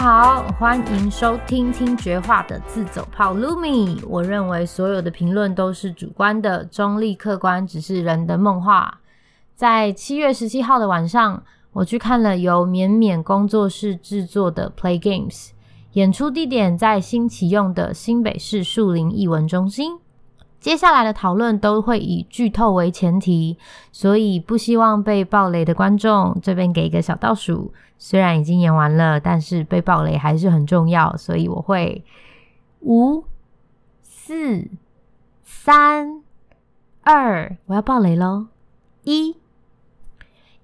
大家好，歡迎收聽聽覺化的自走炮 Lumi。我認為所有的評論都是主觀的，中立客觀只是人的夢話。在七月十七號的晚上，我去看了由娩娩工作室制作的 Play Games，演出地點在新啟用的新北市樹林藝文中心。接下來的討論都會以劇透為前提，所以不希望被暴雷的觀眾這邊給一個小倒數。雖然已經演完了，但是被暴雷還是很重要，所以我會五、四、三、二，我要暴雷咯！一，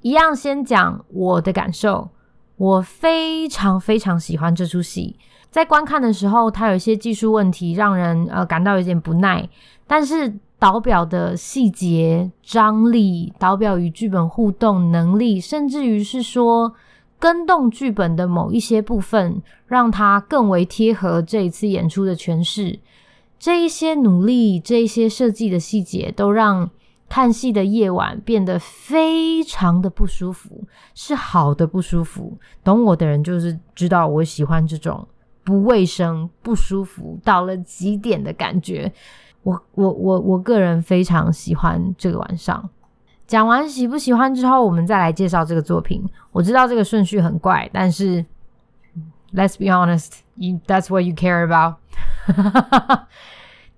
一樣先講我的感受，我非常非常喜歡這出戲。在觀看的時候，它有一些技術問題，讓人呃感到有點不耐。但是導表的細節、張力、導表與劇本互動能力，甚至於是說更動劇本的某一些部分，讓它更為貼合這一次演出的詮釋。這一些努力、這一些設計的細節，都讓看戲的夜晚變得非常的不舒服，是好的不舒服。懂我的人就是知道我喜歡這種。不衛生、不舒服到了極點的感覺，我、我、我我個人非常喜歡這個晚上。講完喜不喜歡之後，我們再來介紹這個作品。我知道這個順序很怪，但是 Let's be honest, that's what you care about。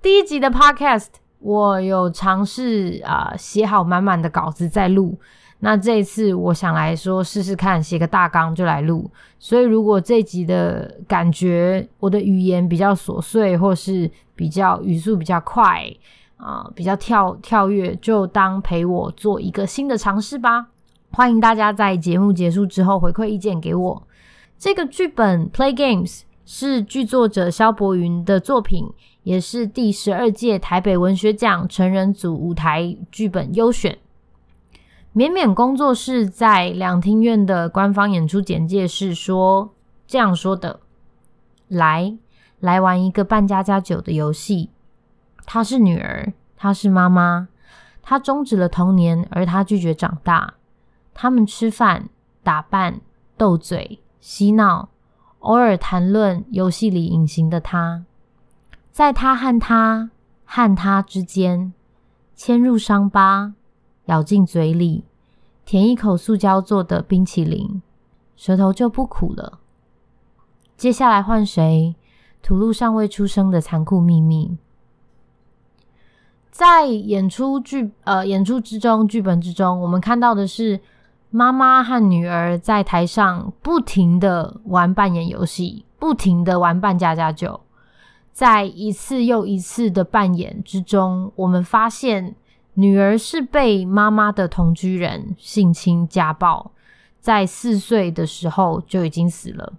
第一集的 Podcast 我有嘗試啊、呃，寫好滿滿的稿子再錄。那這一次，我想來說試試看，寫個大綱就來錄。所以，如果這集的感覺，我的語言比較瑣碎，或是比較語速比較快，啊、呃，比較跳跳躍，就當陪我做一個新的嘗試吧。歡迎大家在節目結束之後回饋意見給我。這個劇本《Play Games》是劇作者蕭伯雲的作品，也是第十二屆台北文學獎成人組舞台劇本優選。娩娩工作室在兩廳院的官方演出簡介是說這樣說的：“來，來玩一個扮家家酒的遊戲。她是女兒，她是媽媽，她終止了童年，而她拒絕長大。他們吃飯、打扮、鬥嘴、嬉鬧，偶爾談論遊戲裡隱形的她。在她和他和他之間，嵌入傷疤。”咬進嘴裡，舔一口塑膠做的冰淇淋，舌頭就不苦了。接下來換誰吐露尚未出生的殘酷秘密？在演出劇，呃，演出之中，劇本之中，我們看到的是媽媽和女兒在台上不停地玩扮演遊戲，不停地玩扮家家酒。在一次又一次的扮演之中，我們發現。女兒是被媽媽的同居人性侵家暴，在四歲的時候就已經死了，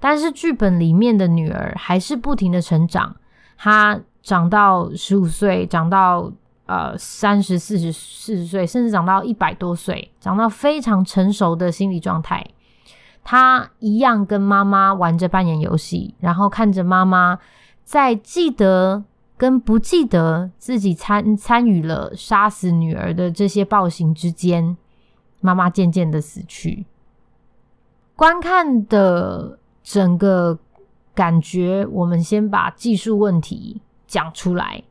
但是劇本裡面的女兒還是不停的成長，她長到十五歲，長到呃三十、四十、四十歲，甚至長到一百多歲，長到非常成熟的心理狀態，她一樣跟媽媽玩着扮演遊戲，然後看着媽媽在記得。跟不記得自己參參與了殺死女兒的這些暴行之間，媽媽漸漸的死去。觀看的整個感覺，我們先把技術問題講出來。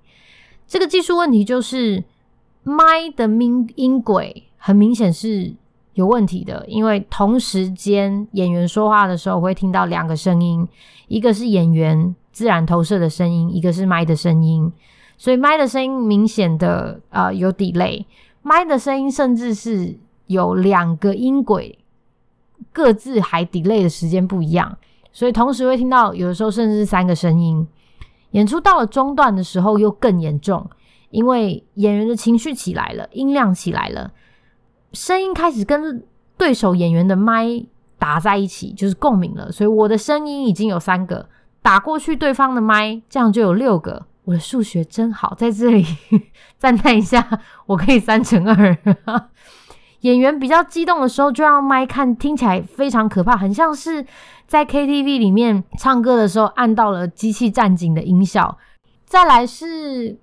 這個技術問題就是麥的音音軌很明顯是有問題的，因為同時間演員說話的時候會聽到兩個聲音，一個是演員。自然投射的聲音，一個是麥的聲音，所以麥的聲音明顯的呃有 delay，麥的聲音甚至是有兩個音軌，各自還 delay 的時間不一樣，所以同時會聽到有的時候甚至是三個聲音。演出到了中段的時候又更嚴重，因為演員的情緒起來了，音量起來了，聲音開始跟對手演員的麥打在一起，就是共鳴了，所以我的聲音已經有三個。打過去對方的麥，這樣就有六個。我的數學真好，在這裡讚嘆一下，我可以三乘二。 演員比較激動的時候，就讓麥看，聽起來非常可怕，很像是在 KTV 裡面唱歌的時候按到了機器戰警的音效。再來是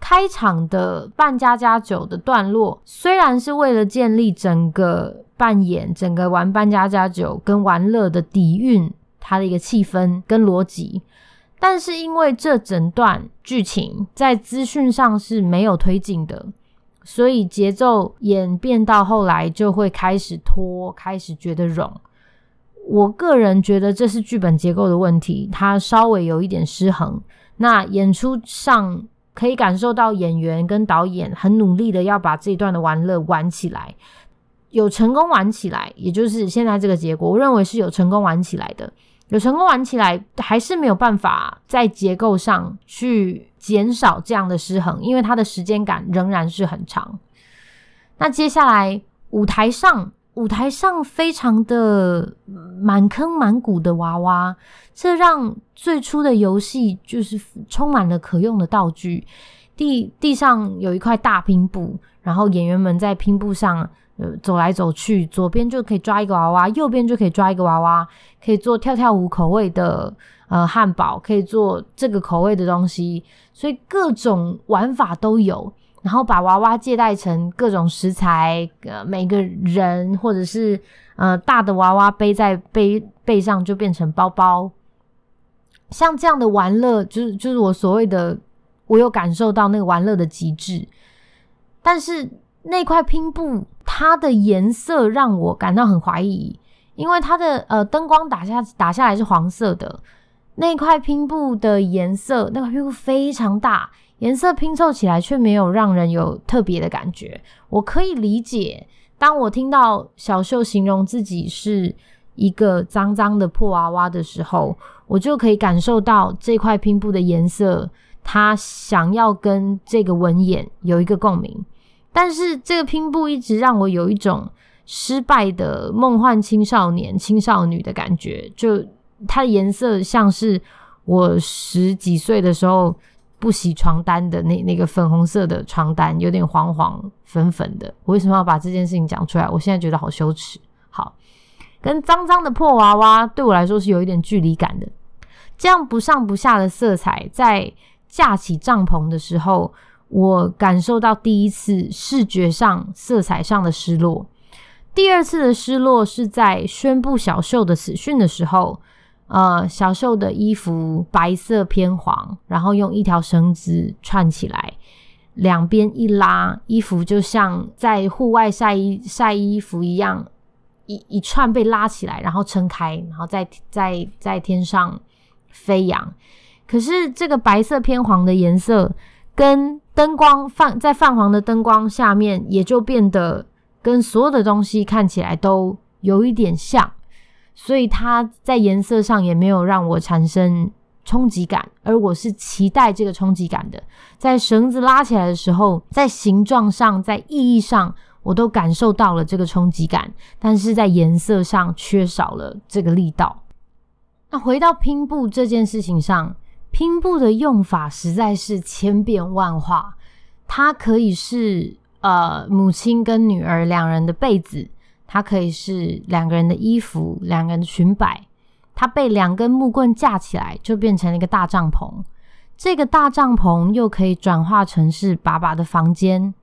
開場的扮家家酒的段落，雖然是為了建立整個扮演、整個玩扮家家酒跟玩樂的底蘊，他的一個氣氛跟邏輯，但是因為這整段劇情在資訊上是沒有推進的，所以節奏演變到後來就會開始拖，開始覺得冗。我個人覺得這是劇本結構的問題，它稍微有一點失衡。那演出上可以感受到演員跟導演很努力的要把這一段的玩樂玩起來，有成功玩起來，也就是現在這個結果，我認為是有成功玩起來的。有成功玩起來，還是沒有辦法在結構上去減少這樣的失衡，因為它的時間感仍然是很長。那接下來舞台上，舞台上非常的滿坑滿谷的娃娃，這讓最初的遊戲就是充滿了可用的道具。地地上有一塊大拼布，然後演員們在拼布上。走來走去，左邊就可以抓一個娃娃，右邊就可以抓一個娃娃，可以做跳跳舞口味的呃漢堡，可以做這個口味的東西，所以各種玩法都有。然後把娃娃借貸成各種食材，呃，每個人或者是呃大的娃娃背在背背上就變成包包。像這樣的玩樂，就是就是我所謂的，我有感受到那個玩樂的極致，但是。那塊拼布，它的顏色讓我感到很懷疑，因為它的呃燈光打下打下來是黃色的。那塊拼布的顏色，那個拼布非常大，顏色拼湊起來卻沒有讓人有特別的感覺。我可以理解，當我聽到小秀形容自己是一個髒髒的破娃娃的時候，我就可以感受到這塊拼布的顏色，它想要跟這個文眼有一個共鳴。但是這個拼布一直讓我有一種失敗的夢幻青少年、青少女的感覺，就它的顏色像是我十幾歲的時候不洗床單的那那個粉紅色的床單，有點黃黃粉粉的。我為什麼要把這件事情講出來？我現在覺得好羞恥。好，跟髒脏的破娃娃對我來說是有一點距離感的。這樣不上不下的色彩，在架起帳篷的時候，我感受到第一次視覺上、色彩上的失落。第二次的失落是在宣佈小秀的死訊的時候，呃，小秀的衣服白色偏黃，然後用一條繩子串起來，兩邊一拉，衣服就像在戶外曬衣曬衣服一樣，一一串被拉起來，然後撐開，然後在在在、在天上飛揚。可是這個白色偏黃的顏色。跟燈光泛，在泛黃的燈光下面，也就變得跟所有的東西看起來都有一點像，所以它在顏色上也沒有讓我產生衝擊感，而我是期待這個衝擊感的。在繩子拉起來的時候，在形狀上，在意義上，我都感受到了這個衝擊感，但是在顏色上缺少了這個力道。那回到拼布這件事情上。拼布的用法實在是千變萬化，它可以是呃母親跟女兒兩人的被子，它可以是兩個人的衣服、兩個人的裙擺，它被兩根木棍架起來，就變成了一個大帳篷。這個大帳篷又可以轉化成是爸爸的房間。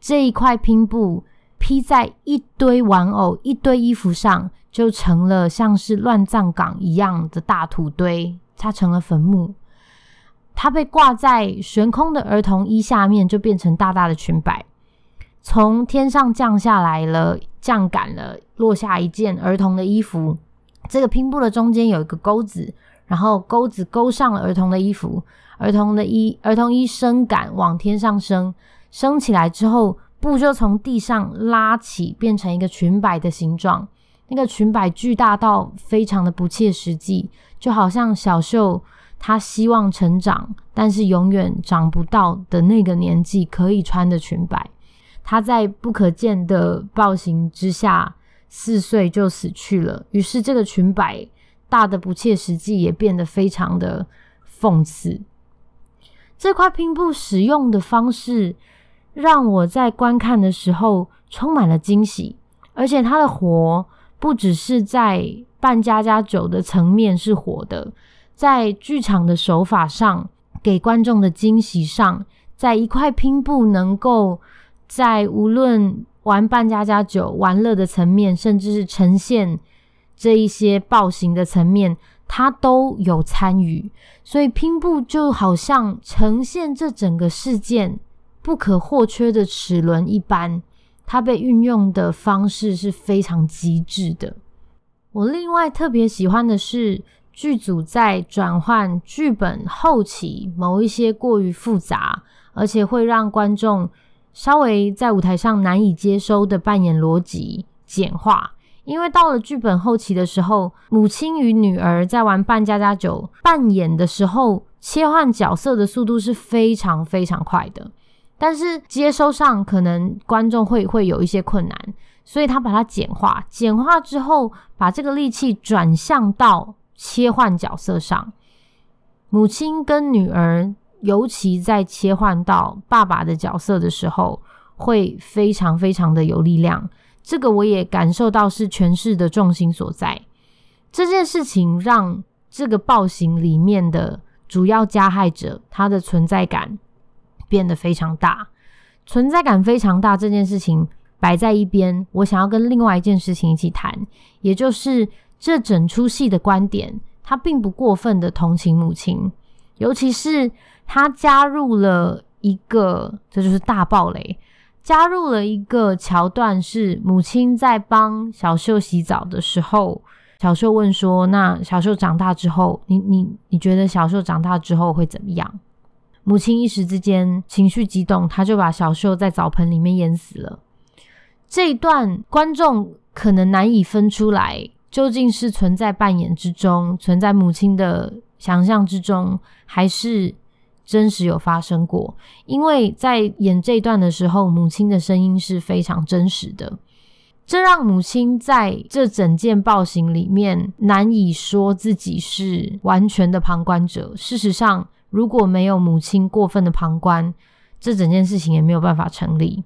這一塊拼布披在一堆玩偶、一堆衣服上，就成了像是亂葬崗一樣的大土堆。它成了墳墓，它被掛在懸空的兒童衣下面，就變成大大的裙擺，從天上降下來了，降杆了，落下一件兒童的衣服。這個拼布的中間有一個鈎子，然後鈎子勾上了兒童的衣服，兒童的衣兒童衣升杆往天上升，升起來之後，布就從地上拉起，變成一個裙擺的形狀。那個裙擺巨大到非常的不切實際。就好像小秀，他希望成長，但是永遠長不到的那個年紀可以穿的裙擺，他在不可見的暴行之下四歲就死去了。於是這個裙擺大的不切實際，也變得非常的諷刺。這塊拼布使用的方式，讓我在觀看的時候充滿了驚喜，而且他的活不只是在。扮家家酒的層面是火的，在劇場的手法上，給觀眾的驚喜上，在一塊拼布能夠在無論玩扮家家酒玩樂的層面，甚至是呈現這一些暴行的層面，它都有參與。所以拼布就好像呈現這整個事件不可或缺的齒輪一般，它被運用的方式是非常極致的。我另外特別喜歡的是，劇組在轉換劇本後期，某一些過於複雜，而且會讓觀眾稍微在舞台上難以接收的扮演邏輯簡化。因為到了劇本後期的時候，母親與女兒在玩扮家家酒扮演的時候，切換角色的速度是非常非常快的，但是接收上可能觀眾會會有一些困難。所以他把它簡化，簡化之後，把這個力氣轉向到切換角色上。母親跟女兒，尤其在切換到爸爸的角色的時候，會非常非常的有力量。這個我也感受到是詮釋的重心所在。這件事情讓這個暴行裡面的主要加害者，他的存在感變得非常大，存在感非常大。這件事情。擺在一邊，我想要跟另外一件事情一起談，也就是這整出戲的觀點，他並不過分的同情母親，尤其是他加入了一個，這就是大爆雷，加入了一個橋段是母親在幫小秀洗澡的時候，小秀問說：“那小秀長大之後，你你你覺得小秀長大之後會怎麼樣？”母親一時之間情緒激動，她就把小秀在澡盆裡面淹死了。這一段觀眾可能難以分出來，究竟是存在扮演之中，存在母親的想象之中，還是真實有發生過？因為在演這一段的時候，母親的聲音是非常真實的。這讓母親在這整件暴行裡面，難以說自己是完全的旁觀者。事實上，如果沒有母親過分的旁觀，這整件事情也沒有辦法成立。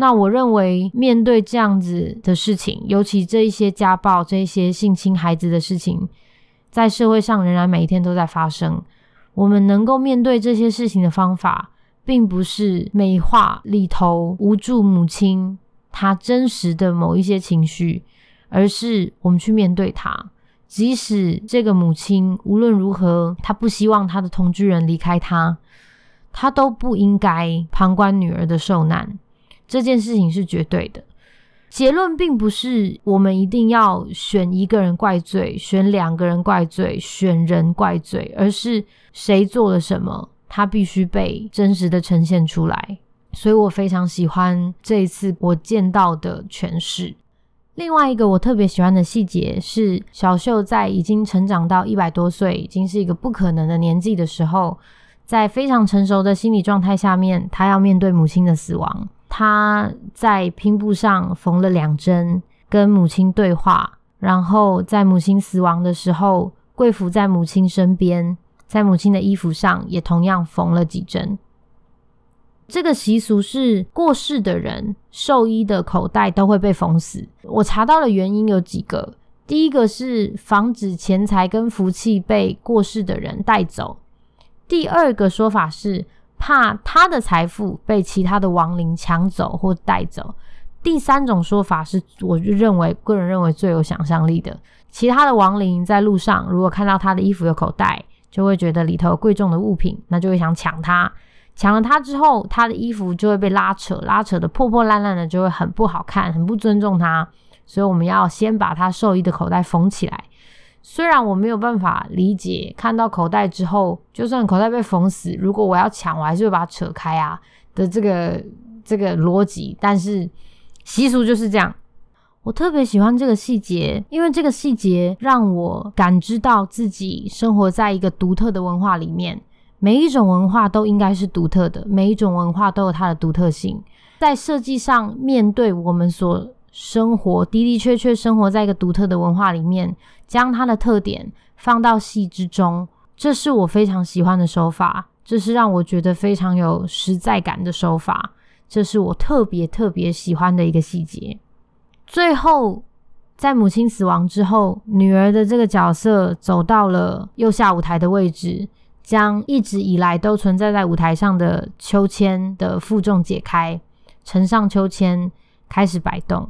那我認為，面對這樣子的事情，尤其這一些家暴、這一些性侵孩子的事情，在社會上仍然每一天都在發生。我們能夠面對這些事情的方法，並不是美化裡頭無助母親，她真實的某一些情緒，而是我們去面對她。即使這個母親無論如何，她不希望她的同居人離開她，她都不應該旁觀女兒的受難。這件事情是絕對的。結論並不是我們一定要選一個人怪罪，選兩個人怪罪，選人怪罪，而是誰做了什麼，他必須被真實的呈現出來。所以我非常喜歡這一次我見到的詮釋。另外一個我特別喜歡的細節是，小秀在已經成長到一百多歲，已經是一個不可能的年紀的時候，在非常成熟的心理狀態下面，他要面對母親的死亡。他在拼布上縫了兩針，跟母親對話。然後在母親死亡的時候，跪伏在母親身邊，在母親的衣服上也同樣縫了幾針。這個習俗是過世的人壽衣的口袋都會被縫死。我查到的原因有幾個，第一個是防止錢財跟福氣被過世的人帶走。第二個說法是，怕他的財富被其他的亡靈搶走或帶走。第三種說法是我，我就認為個人認為最有想象力的。其他的亡靈在路上如果看到他的衣服有口袋，就會覺得裡頭有貴重的物品，那就會想搶他。搶了他之後，他的衣服就會被拉扯，拉扯的破破爛爛的，就會很不好看，很不尊重他。所以我們要先把他壽衣的口袋縫起來。雖然我沒有辦法理解，看到口袋之後，就算口袋被縫死，如果我要搶，我還是會把它扯開啊的這個這個邏輯，但是習俗就是這樣。我特別喜歡這個細節，因為這個細節讓我感知到自己生活在一個獨特的文化裡面。每一種文化都應該是獨特的，每一種文化都有它的獨特性。在設計上，面對我們所生活的的確確生活在一個獨特的文化裡面，將它的特點放到戲之中，這是我非常喜歡的手法，這是讓我覺得非常有實在感的手法，這是我特別特別喜歡的一個細節。最後，在母親死亡之後，女兒的這個角色走到了右下舞台的位置，將一直以來都存在在舞台上的秋千的負重解開，乘上秋千開始擺動。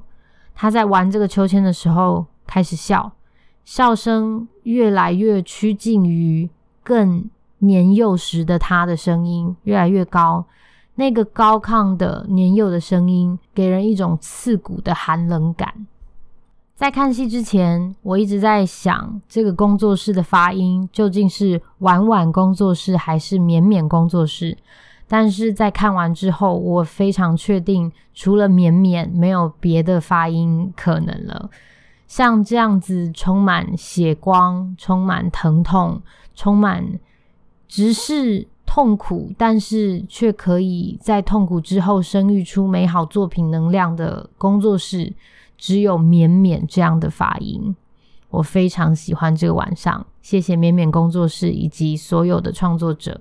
他在玩這個秋千的時候開始笑，笑聲越來越趨近於更年幼時的他的聲音，越來越高。那個高亢的年幼的聲音給人一種刺骨的寒冷感。在看戲之前，我一直在想，這個工作室的發音究竟是婉婉工作室還是娩娩工作室？但是在看完之後，我非常確定，除了娩娩，沒有別的發音可能了。像這樣子，充滿血光、充滿疼痛、充滿直視痛苦，但是卻可以在痛苦之後生育出美好作品能量的工作室，只有娩娩這樣的發音。我非常喜歡這個晚上，謝謝娩娩工作室以及所有的創作者。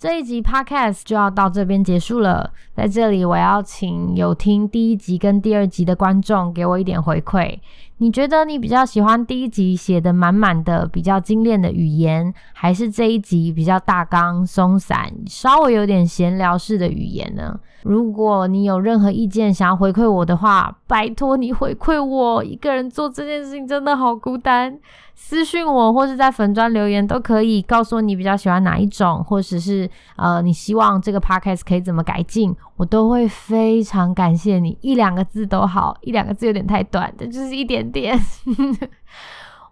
這一集 podcast 就要到這邊結束了，在這裡我要請有聽第一集跟第二集的觀眾給我一點回饋。你覺得你比較喜歡第一集寫得滿滿的、比較精煉的語言，還是這一集比較大綱鬆散、稍微有點閒聊式的語言呢？如果你有任何意見想要回饋我的話，拜託你回饋我，一個人做這件事情真的好孤單。私訊我，或是在粉專留言都可以，告訴我你比較喜歡哪一種，或者是，是呃，你希望這個 podcast 可以怎麼改進，我都會非常感謝你，一兩個字都好，一兩個字有點太短，但就是一點點。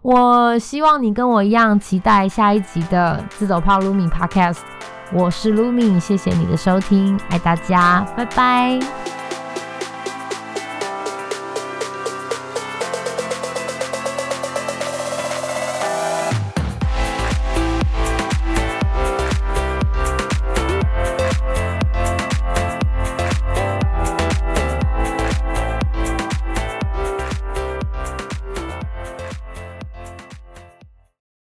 我希望你跟我一樣期待下一集的自走砲 Lumi podcast，我是 Lumi，謝謝你的收聽，愛大家，拜拜。